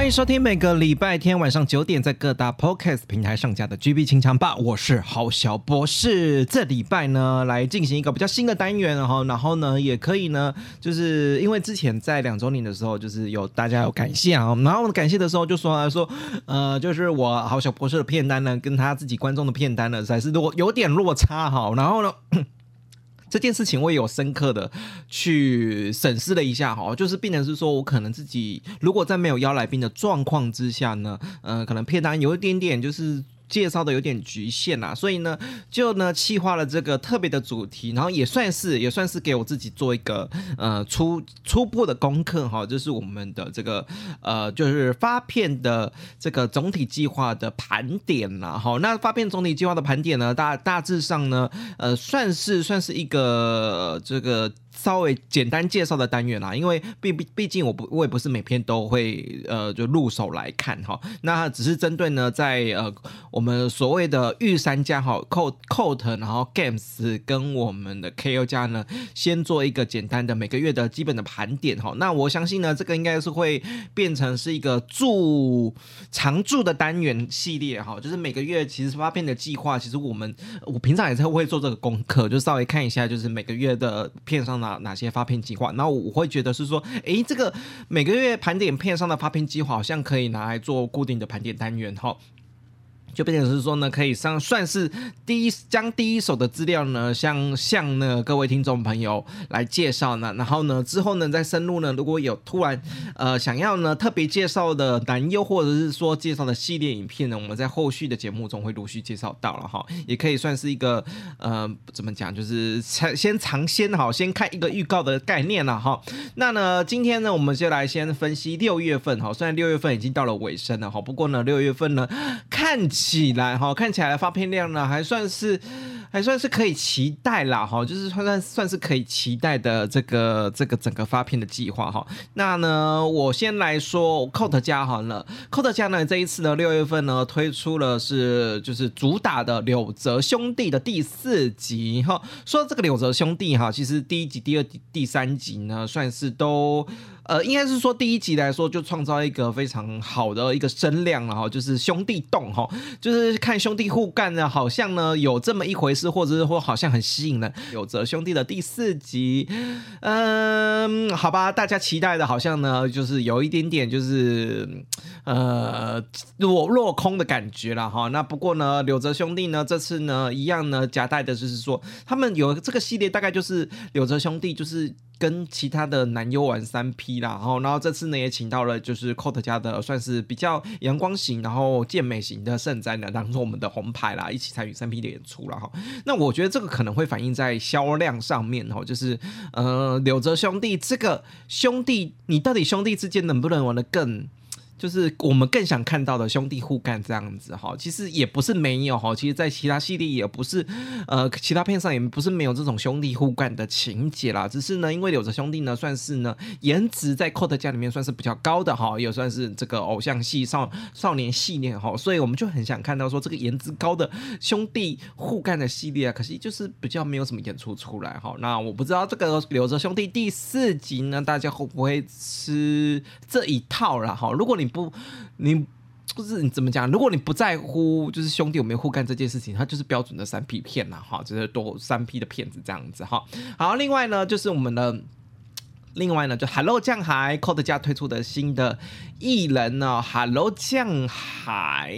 歡迎收聽每個禮拜天晚上九點在各大 Podcast 平台上架的《GB 情場霸》，我是好小博士。這禮拜呢，來進行一個比較新的單元，然後，然後呢，也可以呢，就是因為之前在兩週年的時候，就是有大家有感謝啊、哦，然後感謝的時候就說、啊、說，呃，就是我好小博士的片單呢，跟他自己觀眾的片單呢，才是多有點落差哈，然後呢。 這件事情我也有深刻的去審視了一下哈，就是變成是說，我可能自己如果在沒有邀來賓的狀況之下呢，嗯、呃，可能片單有一點點就是。介紹的有點局限吶，啊，所以呢，就呢企劃了這個特別的主題，然後也算是也算是給我自己做一個呃初初步的功課哈，就是我們的這個呃就是發片的這個總體計劃的盤點了，啊、哈。好。那發片總體計劃的盤點呢，大大致上呢，呃，算是算是一個、呃、這個。稍微簡單介紹的單元啦、啊，因為畢畢畢竟我不我也不是每片都會呃就入手來看哈，那只是針對呢在呃我們所謂的御三家哈，COAT 然後 Games 跟我們的 KO 家呢，先做一個簡單的每個月的基本的盤點哈。那我相信呢這個應該是會變成是一個住常駐的單元系列哈，就是每個月其實發片的計劃，其實我們我平常也是會做這個功課，就稍微看一下就是每個月的片商。哪哪些發片計劃？那我會覺得是說，哎，這個每個月盤點片上的發片計劃，好像可以拿來做固定的盤點單元哈。就變成是說呢，可以上算是第一將第一手的資料呢，向向呢各位聽眾朋友來介紹呢，然後呢之後呢再深入呢，如果有突然呃想要呢特別介紹的男優或者是說介紹的系列影片呢，我們在後續的節目中會陸續介紹到了哈，也可以算是一個呃怎麼講，就是嘗先嘗鮮哈，先看一個預告的概念了哈。那呢今天呢，我們就來先分析六月份哈，雖然六月份已經到了尾聲了哈，不過呢六月份呢。看起來哈，看起來的發片量呢還算是還算是可以期待啦哈，就是算算算是可以期待的這個這個整個發片的計劃哈。那呢，我先來說，COAT 家好了，COAT 家呢這一次呢六月份呢推出了是就是主打的柳澤兄弟的第四集哈。說這個柳澤兄弟哈，其實第一集、第二集、第三集呢算是都。呃，應該是說第一集來說就創造一個非常好的一個聲量了哈，就是兄弟動哈，就是看兄弟互幹呢，好像呢有這麼一回事，或者是或者好像很吸引的。柳澤兄弟的第四集，嗯，好吧，大家期待的好像呢就是有一點點就是呃落落空的感覺了哈。那不過呢，柳澤兄弟呢這次呢一樣呢夾帶的就是說他們有這個系列大概就是柳澤兄弟就是。跟其他的男優玩三 P 啦，然後，然後這次呢也請到了就是 COAT 家的算是比較陽光型，然後健美型的聖哉呢，當做我們的紅牌啦，一起參與三 P 的演出了哈。那我覺得這個可能會反映在銷量上面哦，就是呃柳澤兄弟這個兄弟，你到底兄弟之間能不能玩得更？就是我們更想看到的兄弟互幹這樣子哈，其實也不是沒有哈，其實，在其他系列也不是，呃，其他片上也不是沒有這種兄弟互幹的情節啦。只是呢，因為《柳澤兄弟》呢，算是呢顏值在《COAT》家裡面算是比較高的哈，也算是這個偶像系少少年系列哈，所以我們就很想看到說這個顏值高的兄弟互幹的系列啊。可惜就是比較沒有什麼演出出來哈。那我不知道這個《柳澤兄弟》第四集呢，大家會不會吃這一套了哈？如果你你不，你就是你怎麼講？如果你不在乎，就是兄弟有沒有互幹這件事情，他就是標準的三 P 片了、啊、哈，就是多三 P 的片子這樣子哈。好，另外呢，就是我們的另外呢，就 Hello 醬海 COAT 家推出的新的藝人呢、哦、，Hello 醬海。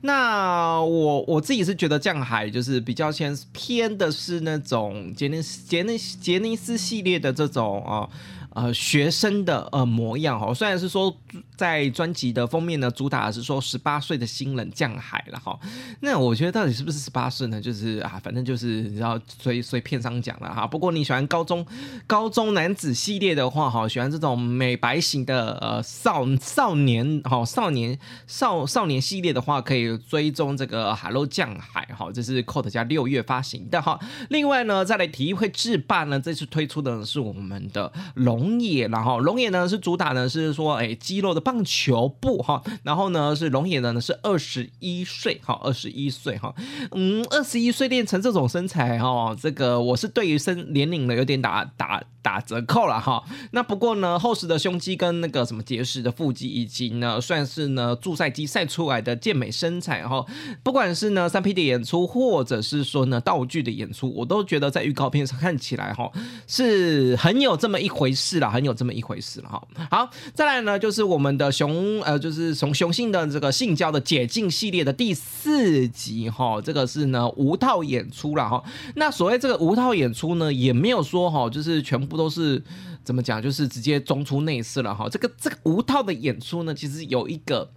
那我我自己是覺得醬海就是比較偏偏的是那種傑尼斯傑尼傑尼斯系列的這種啊、哦、呃學生的呃模樣哈、哦，雖然是說。在專輯的封面呢，主打的是說十八歲的新人降海了哈。那我覺得到底是不是十八歲呢？就是啊，反正就是你知道隨隨片商講了哈。不過你喜歡高中高中男子系列的話哈，喜歡這種美白型的呃少少年哈、哦、少年少少年系列的話，可以追蹤這個 Hello 降海哈。這是 COAT 家六月發行的哈。另外呢，再來體育會制霸呢，這次推出的是我們的龍野然後龍野呢是主打呢是說哎、欸、肌肉的，棒球部哈，然後呢是龍野的呢是二十一歲哈，二十一歲哈，嗯，二十一歲練成這種身材哈，這個我是對於身年齡呢有點打打打折扣了哈。那不過呢，厚實的胸肌跟那個什麼結實的腹肌，以及呢算是呢助賽機曬出來的健美身材哈，不管是呢三 P 的演出，或者是說呢道具的演出，我都覺得在預告片上看起來哈是很有這麼一回事了，很有這麼一回事了哈。好，再來呢就是我們。的雄呃，就是從雄性的這個性交的解禁系列的第四集哈，這個是呢無套演出了哈。那所謂這個無套演出呢，也沒有說哈，就是全部都是怎麼講，就是直接中出內射了哈。這個這個無套的演出呢，其實有一個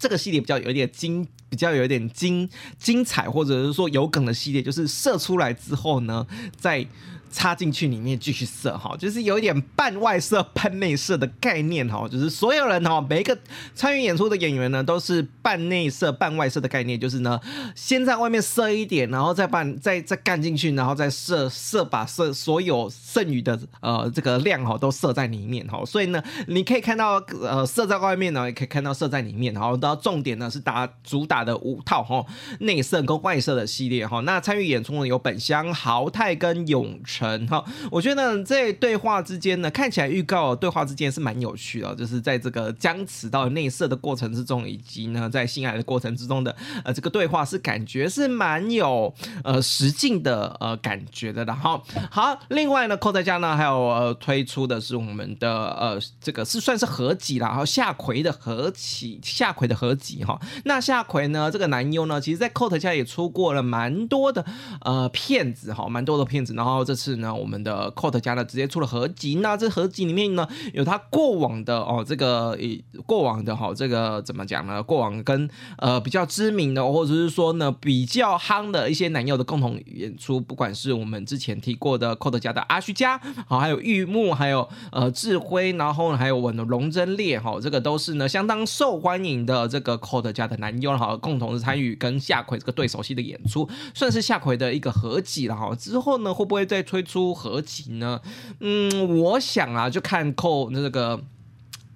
這個系列比較有一點驚。比較有點精精彩，或者是說有梗的系列，就是射出來之後呢，再插進去裡面繼續射哈，就是有一點半外射半內射的概念哈，就是所有人哈，每一個參與演出的演員呢，都是半內射半外射的概念，就是呢，先在外面射一點，然後再把，再再幹進去，然後再射射把射所有剩餘的呃這個量哈都射在裡面哈，所以呢，你可以看到呃射在外面呢，也可以看到射在裡面，然後重點呢是打主打，的五套哈內射跟外射的系列哈，那參與演出呢有本鄉豪泰跟永成哈，我覺得這對話之間呢，看起來預告對話之間是蠻有趣的，就是在這個僵持到內射的過程之中，以及呢在性愛的過程之中的呃這個對話是感覺是蠻有呃實境的呃感覺的啦哈。好，另外呢 COAT 家呢還有推出的是我們的呃這個是算是合集啦，然後夏葵的合集，夏葵的合集哈，那夏葵呢。那這個男優呢，其實，在 COAT 家也出過了蠻多的呃片子哈，蠻多的片子。然後這次呢，我們的 COAT 家呢直接出了合集。那這合集裡面呢，有他過往的哦，這個過往的哈，這個怎麼講呢？過往跟呃比較知名的，或者是說呢比較夯的一些男優的共同演出。不管是我們之前提過的 COAT 家的阿須家，好、哦，還有玉木，還有呃志輝，然後還有我的、嗯、龍真烈哈、哦，這個都是呢相當受歡迎的這個 COAT 家的男優哈。哦共同的參與跟夏葵這個對手戲的演出，算是夏葵的一個合集了哈。之後呢，會不會再推出合集呢？嗯，我想啊，就看扣那個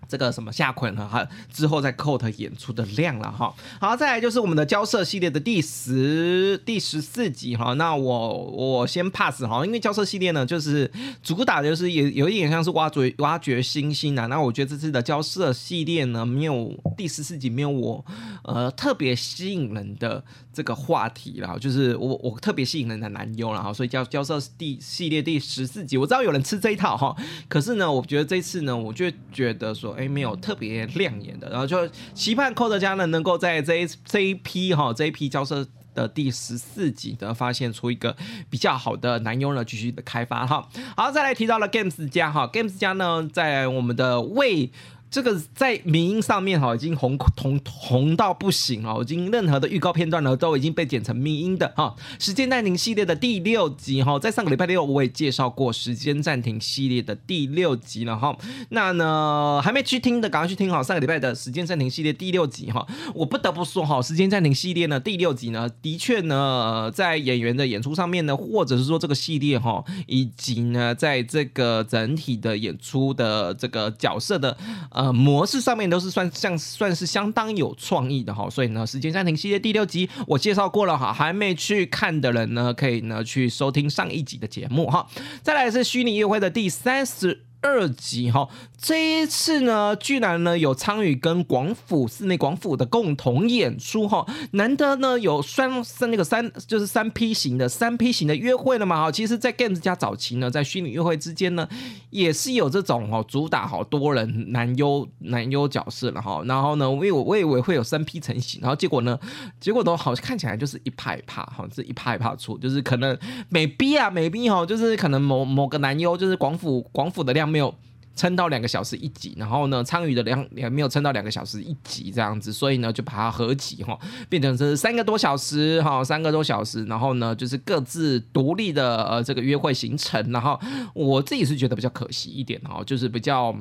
這個什麼夏葵了哈。之後再扣他演出的量了哈。好，再來就是我們的交涉系列的第十第十四集哈。那我我先 pass 哈，因為交涉系列呢，就是主打的就是有有一點像是挖掘挖掘新星啊。那我覺得這次的交涉系列呢，沒有第十四集沒有我。呃，特別吸引人的這個話題了，就是我我特別吸引人的男優，然後所以叫交涉第系列第十四集，我知道有人吃這一套哈，可是呢，我覺得這次呢，我就覺得說，誒、欸，沒有特別亮眼的，然後就期盼 COAT 家呢，能夠在這一這一批哈這一批交涉的第十四集的發現出一個比較好的男優呢，繼續的開發哈。好，再來提到了 Games 家哈，Games 家呢，在我們的為。這個在迷因上面哈，已經紅紅紅到不行了。已經任何的預告片段呢，都已經被剪成迷因的哈。時間暫停系列的第六集哈，在上個禮拜六我也介紹過時間暫停系列的第六集了哈。那呢還沒去聽的，趕快去聽哈，上個禮拜的時間暫停系列第六集哈。我不得不說哈，時間暫停系列呢第六集呢，的確呢在演員的演出上面呢，或者是說這個系列哈，以及呢在這個整體的演出的這個角色的呃，模式上面都是算像算是相當有創意的哈，所以呢，《時間暫停》系列第六集我介紹過了哈，還沒去看的人呢，可以呢去收聽上一集的節目哈。再來是虛擬約會的第三十二集哈。這一次呢，居然呢有參與跟廣府室內廣府的共同演出哈、哦，難得呢有三三那個三就是三 P 型的三 P 型的約會了嘛哈、哦，其實在 Games 家早期呢，在虛擬約會之間呢，也是有這種哦，主打好多人男優男優角色了哈，然後呢，我以為我以為會有三 P 成型，然後結果呢，結果都好像看起來就是一趴一趴哈、哦，是一趴一趴出，就是可能美逼啊美逼哈，就是可能某某個男優就是廣府廣府的量沒有。撐到兩個小時一集，然後呢，參與的兩兩沒有撐到兩個小時一集這樣子，所以呢，就把它合集哈、哦，變成是三個多小時哈、哦，三個多小時，然後呢，就是各自獨立的呃這個約會行程，然後我自己是覺得比較可惜一點哦，就是比較。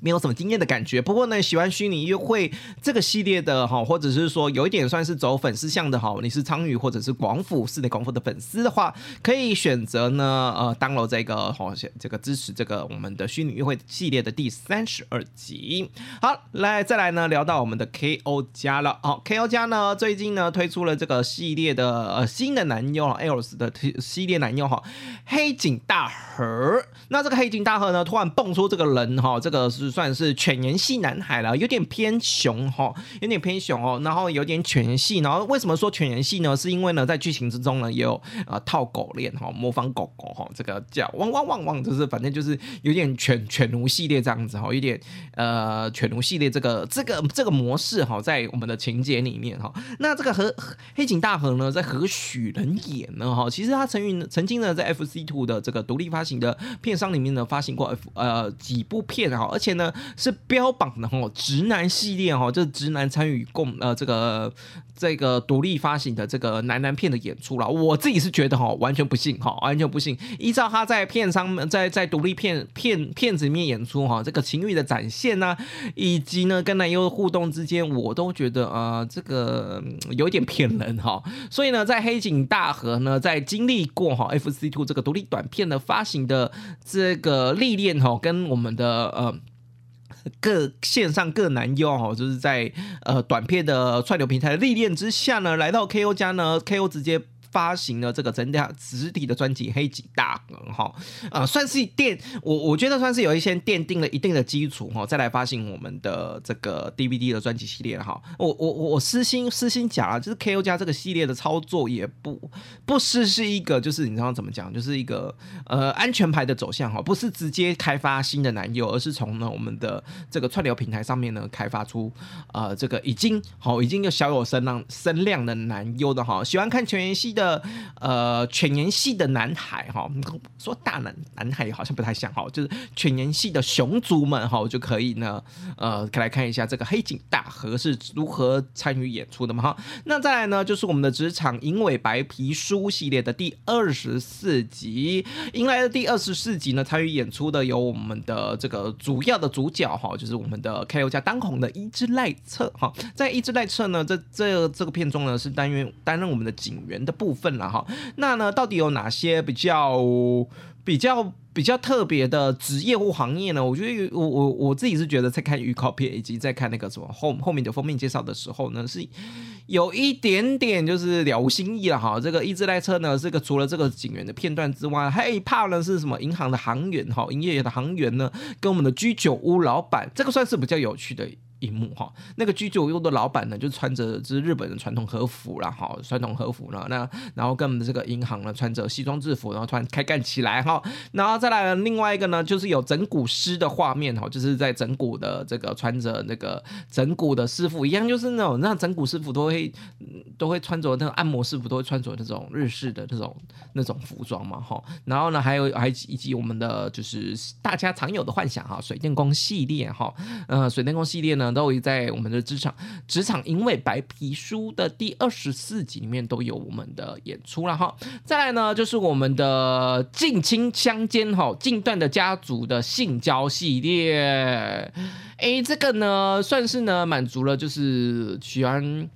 沒有什麼驚艷的感覺，不過呢，喜歡虛擬約會這個系列的哈，或者是說有一點算是走粉絲向的哈，你是蒼羽或者是廣府是的廣府的粉絲的話，可以選擇呢，呃，download 這個哈、哦，這個支持這個我們的虛擬約會系列的第三十二集。好，來再來呢聊到我們的 K O 加家了，哦 KO 家呢最近呢推出了這個系列的、呃、新的男優 ALS 的系列男優哈、哦，黑井大河。那這個黑井大河呢突然蹦出這個人哈、哦，這個是。算是犬顏系男孩了，有點偏熊哦，有點偏熊哦，然後有點犬顏系，然後為什麼說犬顏系呢？是因為呢，在劇情之中呢，也有啊套狗鏈哈，模仿狗狗哈，這個叫汪汪汪汪，汪汪汪就是反正就是有點犬犬奴系列這樣子哈，有點呃犬奴系列這個這個這個模式哈，在我們的情節裡面哈，那這個和黑井大和呢，在何許人也呢哈？其實他曾經曾經呢，在 FC2 的這個獨立發行的片商裡面呢，發行過 F, 呃幾部片哈，而且。呢是標榜的哈，直男系列哈，就是直男參與共呃這個這個獨立發行的這個男男片的演出了，我自己是覺得哈，完全不信哈，完全不信。依照他在片商，在在獨立片片片子裡面演出哈，這個情欲的展現呢、啊，以及呢跟男優的互動之間，我都覺得呃這個有點騙人哈。所以呢，在黑井大河呢，在經歷過哈 FC2 這個獨立短片的發行的這個歷練哈，跟我們的呃。各線上各男優哈，就是在呃短片的串流平台的歷練之下呢，來到 KO 家呢，KO 直接。發行了這個整體實體的專輯《黑井大》哈、呃、啊，算是奠我我覺得算是有一些奠定了一定的基礎哈，再來發行我們的這個 DVD 的專輯系列哈。我我我我私心私心講啊，就是 KO 加這個系列的操作也不不失是，是一個就是你知道怎麼講，就是一個呃安全牌的走向哈，不是直接開發新的男優，而是從呢我們的這個串流平台上面呢開發出呃這個已經好已經有小有聲浪聲量的男優的哈，喜歡看全員系的。的呃，犬顏系的男孩哈、哦，我們說大男男孩好像不太像哈、哦，就是犬顏系的熊族們哈、哦，就可以呢呃，來看一下這個黑警大和是如何參與演出的嘛哈。那再來呢，就是我們的職場銀尾白皮書系列的第二十四集，迎來的第二十四集呢，參與演出的有我們的這個主要的主角哈、哦，就是我們的 K.O. 家當紅的伊之瀨徹哈，在伊之瀨徹呢，這這這個片中呢，是擔任擔任我們的警員的部分份了哈，那呢，到底有哪些比較比較比較特別的職業或行業呢？我覺得我我我自己是覺得在看預告片以及在看那個什麼後後面的封面介紹的時候呢，是有一點點就是了無新意了哈。這個《一直來車》呢，這個除了這個警員的片段之外，還怕呢是什麼銀行的行員哈，營業員的行員呢，跟我們的居酒屋老板，這個算是比較有趣的。一幕哈，那個居酒屋的老板呢，就穿着，就是日本的傳統和服了哈，傳統和服了那，然後跟我們的這個銀行呢，穿着西裝制服，然後突然開幹起來哈，然後再來另外一個呢，就是有整骨師的畫面哈，就是在整骨的這個穿着那個整骨的師傅一樣，就是那種那整骨師傅都會都會穿着那個按摩師傅都會穿着這種日式的這種那種服裝嘛哈，然後呢，還有還以及我們的就是大家常有的幻想哈，水電工系列哈，呃，水電工系列呢。都在我們的職場，職場，因為白皮書的第二十四集裡面都有我們的演出了哈，再來呢，就是我們的近親相姦，哈，近段的家族的性交系列，誒、欸，這個呢算是呢滿足了就是喜歡。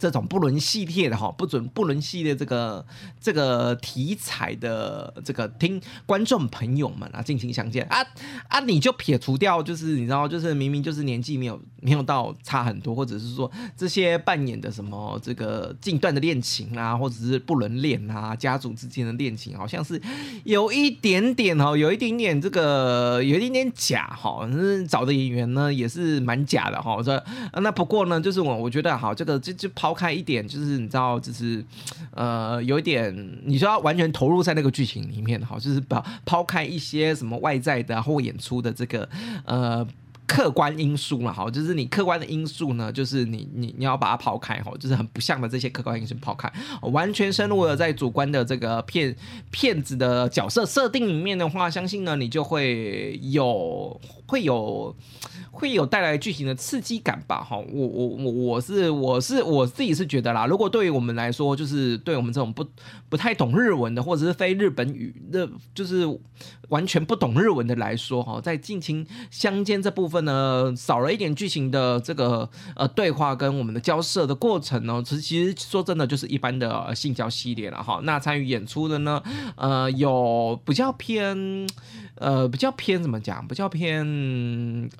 這種不倫系列的哈，不准不倫系列這個這個題材的這個聽觀眾朋友們啊，近親相姦啊啊！啊你就撇除掉，就是你知道，就是明明就是年紀沒有沒有到差很多，或者是說這些扮演的什麼這個近段的戀情啊，或者是不倫戀啊，家族之間的戀情，好像是有一點點哦，有一點點這個有一點點假哈。找的演員呢也是蠻假的哈。我說那不過呢，就是我我覺得好，這個就就跑。拋開一點，就是你知道，就是，呃，有一點，你就要完全投入在那個劇情裡面，好，就是把拋開一些什麼外在的或演出的這個，呃。客觀因素嘛，哈，就是你客觀的因素呢，就是你你你要把它拋開哈，就是很不像的這些客觀因素拋開，完全深入了在主觀的這個片片子的角色設定裡面的話，相信呢你就會有會有會有帶來劇情的刺激感吧，哈，我我我我是我是我自己是覺得啦，如果對於我們來說，就是對我們這種不不太懂日文的或者是非日本語的，就是完全不懂日文的來說哈，在近親相姦這部分。呢，少了一點劇情的這個呃對話跟我們的交涉的過程呢，其實其實說真的就是一般的性交系列了哈。那參與演出的呢，呃，有比較偏呃比較偏怎麼講？比較偏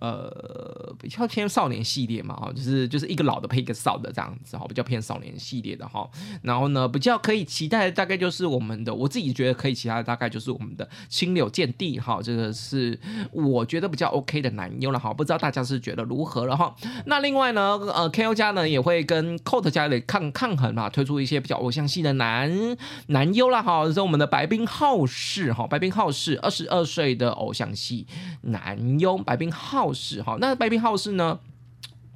呃比較偏少年系列嘛哈，就是就是一個老的配一個少的這樣子哈，比較偏少年系列的哈。然後呢，比較可以期待的大概就是我們的，我自己覺得可以期待的大概就是我們的青柳見地哈，這、就、個是我覺得比較 OK 的男優了。好，不知道大家是覺得如何了哈？那另外呢，呃，KO 家呢也會跟 COAT 家的抗抗衡啊，推出一些比較偶像系的男男優啦，哈。是我們的白冰浩世哈，白冰浩世二十二歲的偶像系男優，白冰浩世哈。那白冰浩世呢？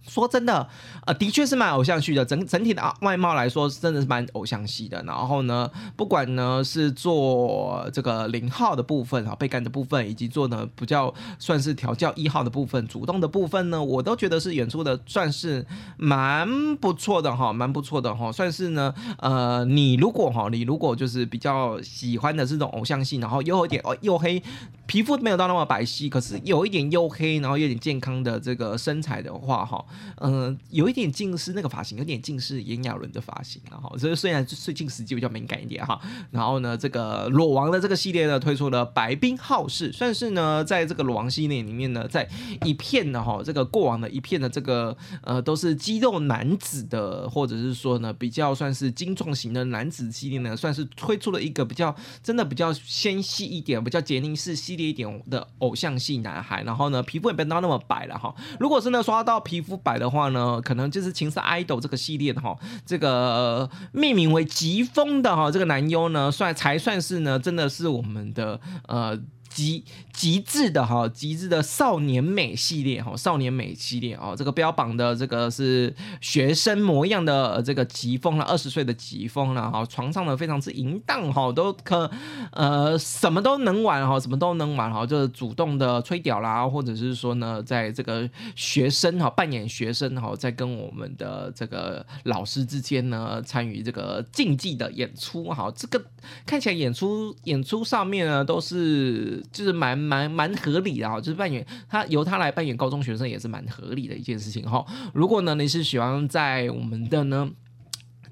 說真的，呃，的確是蠻偶像劇的。整整體的外貌來說，真的是蠻偶像系的。然後呢，不管呢是做這個零號的部分哈，被幹的部分，以及做的比較算是調教一號的部分、主動的部分呢，我都覺得是演出的算是蠻不錯的哈，蠻不錯的哈。算是呢，呃，你如果哈，你如果就是比較喜歡的這種偶像系，然後又有點又黑。皮膚沒有到那麼白皙，可是有一點黝黑，然後有一點健康的這個身材的話，哈，嗯，有一點近似，那個髮型有一點近似，炎亞綸的髮型，然後所以雖然最近時機比較敏感一點哈，然後呢，這個裸王的這個系列呢推出了《白冰號世》，算是呢在這個裸王系列裡面呢，在一片的哈，這個過往的一片的這個呃都是肌肉男子的，或者是說呢比較算是精壯型的男子系列呢，算是推出了一個比較真的比較纖細一點，比較傑尼斯系。一點的偶像系男孩，然後呢，皮膚也不要那麼白了哈、哦。如果真的刷到皮膚白的話呢，可能就是《情色 idol》這個系列的哈、哦，這個、呃、命名為“疾風”的哈、哦，這個男優呢，算才算是呢，真的是我們的呃。極極致的哈，極致的少年美系列哈，少年美系列哦，這個標榜的這個是學生模樣的這個疾風了，二十歲的疾風了哈，床上呢非常之淫蕩哈，都可呃什麼都能玩哈，什麼都能玩，然後，就是主動的吹屌啦，或者是說呢，在這個學生哈扮演學生哈，在跟我們的這個老師之間呢參與這個競技的演出哈，這個看起來演出演出上面呢都是。就是蠻蠻蠻合理的哈、哦，就是扮演他由他來扮演高中學生也是蠻合理的一件事情哈、哦。如果呢你是喜歡在我們的呢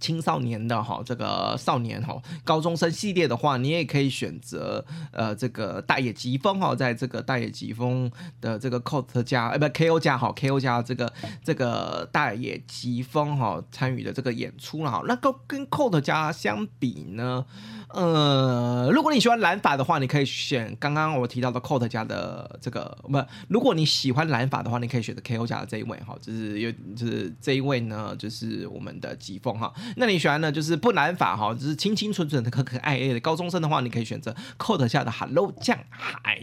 青少年的哈這個少年哈高中生系列的話，你也可以選擇呃這個大野疾風哈，在這個大野疾風的這個 COAT 家，呃、欸、不 KO 家好 KO 家這個這個大野疾風哈參與的這個演出啦哈。那個跟 COAT 家相比呢？呃，如果你喜歡染髮的話，你可以選剛剛我提到的 COAT 家的這個不、嗯。如果你喜歡染髮的話，你可以選擇 KO 家的這一位哈，就是有就是這一位呢，就是我們的吉風哈。那你喜歡呢，就是不染髮哈，就是清清純純的可可愛愛的高中生的話，你可以選擇 COAT 家的 Hello 醬海。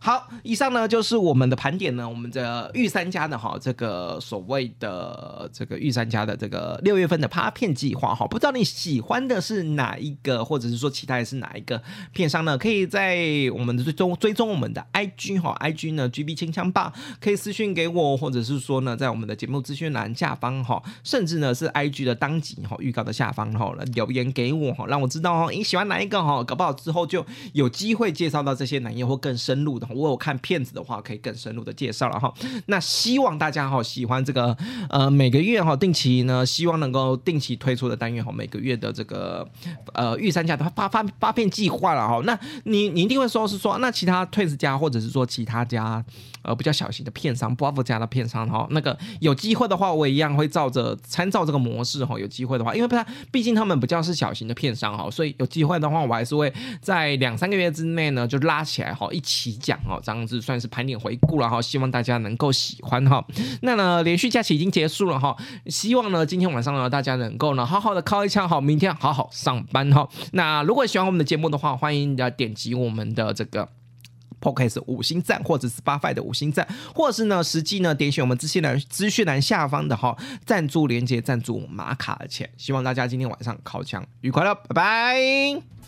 好，以上呢就是我們的盤點呢，我們的御三家的哈，這個所謂的這個御三家的這個六月份的趴片計劃哈，不知道你喜歡的是哪一個或。或者是說其他是哪一個片商呢？可以在我們的追蹤追蹤我們的 I G 哈、喔、I G 呢 G B 清槍吧，可以私信給我，或者是說呢在我們的節目資訊欄下方哈、喔，甚至呢是 I G 的當集哈預、喔、告的下方然、喔、留言給我哈、喔，讓我知道哦，你、喔欸、喜歡哪一個哈、喔、搞不好之後就有機會介紹到這些男業或更深入的、喔，我有看片子的話可以更深入的介紹了哈、喔。那希望大家哈、喔、喜歡這個呃每個月哈、喔、定期呢希望能夠定期推出的單元哈、喔、每個月的這個呃預算。發發發片計劃了哈，那你你一定會說是說，那其他退 w 家或者是說其他家呃比較小型的片商 b r a 家的片商哈，那個有機會的話我一樣會照着參照這個模式哈，有機會的話，因為他畢竟他們比較是小型的片商哈，所以有機會的話我還是會在兩三個月之內呢就拉起來哈一起講哦，這樣子算是盤點回顧了哈，希望大家能夠喜歡哈。那呢連續假期已經結束了哈，希望呢今天晚上呢大家能夠呢好好的靠一靠，好明天好好上班哈。那如果喜歡我們的節目的話，歡迎呃點擊我們的這個 podcast 五星贊，或者是 Spotify 的五星贊，或者是呢實際呢點選我們資訊欄資訊欄下方的哈、哦、贊助鏈接贊助馬卡的錢。希望大家今天晚上尻槍愉快了，拜拜。